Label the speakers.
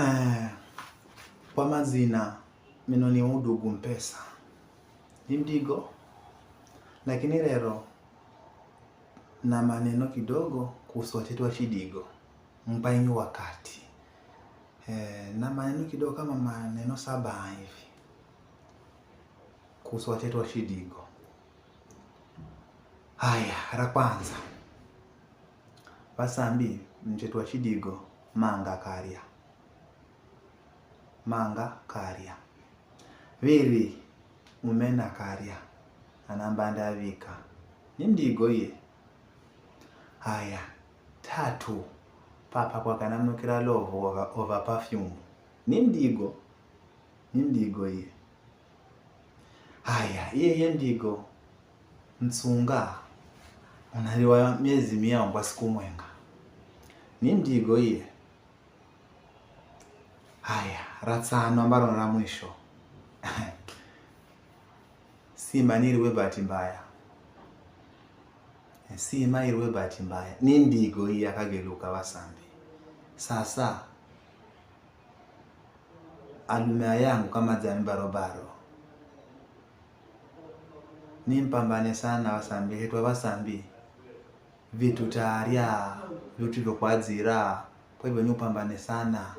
Speaker 1: Eh, kwa mazina mino ni udugu mpesa nimdigo lakini rero na maneno kidogo kuhusu wa shidigo mpanyu wakati eh, na maneno kidogo kama maneno saba hivi kuhusu wa shidigo haya ra kwanza basambi mtetu wa shidigo manga karya manga karya viri mumena karya anamba ndabika nimndigoye haya tatu papa kwakanamnukira lovo ova over perfume nimndigo nimndigo iye haya iyeye ndigo mtsunga unaliwa miezi miyangwa sikumwenga nimndigo iye haya ra tsano ambalo na la mwisho sima niliwe bahati mbaya eh, sima iliwe bahati mbaya ni ndigo hii akageluka wasambi sasa alumea yangu kama dzami barobaro nimpambane sana wasambi hetwa wasambi vitu taarya vitu vyokwadzira kwa hivyo ni sana